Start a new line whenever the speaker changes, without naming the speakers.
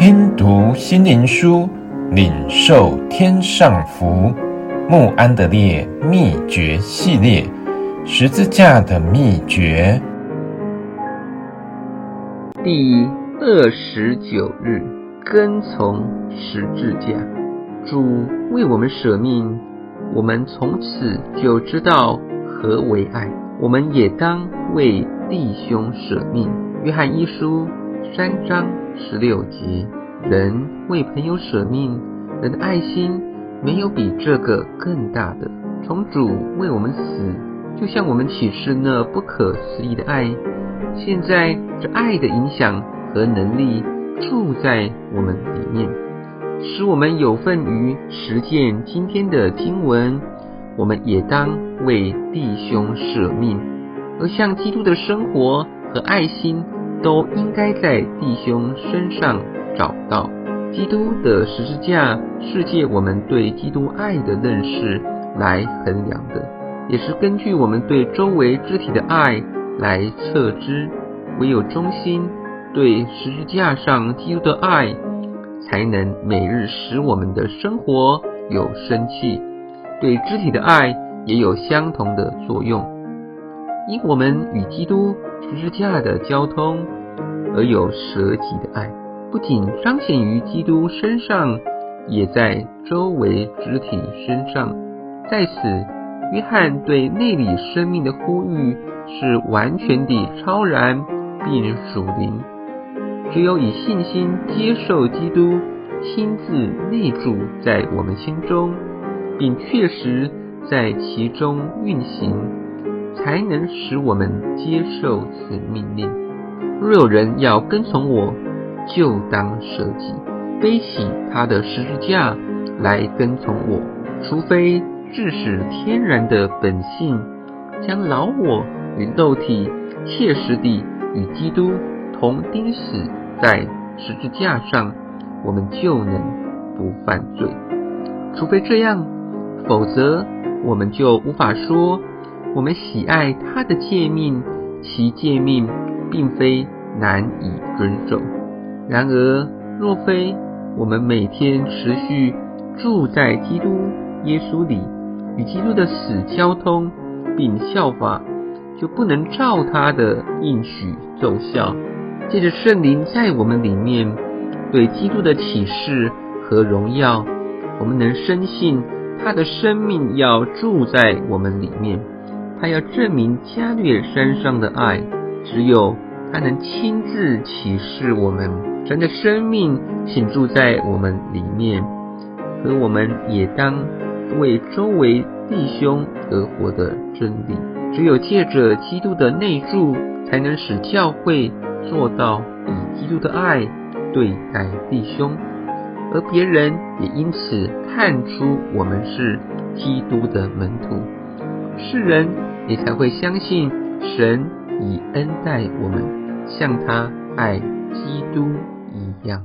聽讀心靈書，領受天上福。慕安德烈秘訣系列，《十字架的秘訣》第二十九日，跟從十字架。主為我們捨命，我們從此就知道何為愛。我們也當為弟兄捨命。約翰一書。三章十六節，人為朋友捨命，人的愛心沒有比這個更大的。從主為我們死，就向我們啟示那不可思議的愛。現在這愛的影響和能力住在我們裡面，使我們有份於實踐今天的經文。我們也當為弟兄捨命，而像基督的生活和愛心。都應該在弟兄身上找到。基督的十字架是藉我們對基督愛的認識來衡量的，也是根據我們對周圍肢體的愛來測知。唯有衷心對十字架上基督的愛，才能每日使我們的生活有生氣。對肢體的愛也有相同的作用。因我們與基督十字架的交通而有舍己的愛，不僅彰顯於基督身上，也在周圍肢體身上。在此，約翰對內裡生命的呼籲是完全地超然並屬靈。只有以信心接受基督親自內住在我們心中，並確實在其中運行。才能使我們接受此命令。若有人要跟從我，就當捨己，背起他的十字架來跟從我。除非治死天然的本性，將老我與肉體切實地與基督同釘死在十字架上，我們就能不犯罪。除非這樣，否則我們就無法說。我們喜愛他的誡命，其誡命並非難以遵守。然而，若非我們每天持續住在基督耶穌裡，與基督的死交通並效法，就不能照他的應許奏效。借着聖靈在我們裡面對基督的啟示和榮耀，我們能深信他的生命要住在我們裡面。他要證明加略山上的愛，只有他能親自啟示我們，神的生命傾注在我們裡面，而我們也當為周圍弟兄而活的真理。只有借着基督的內住，才能使教會做到以基督的愛對待弟兄，而別人也因此看出我們是基督的門徒。世人，你才會相信神已恩待我們，像他愛基督一樣。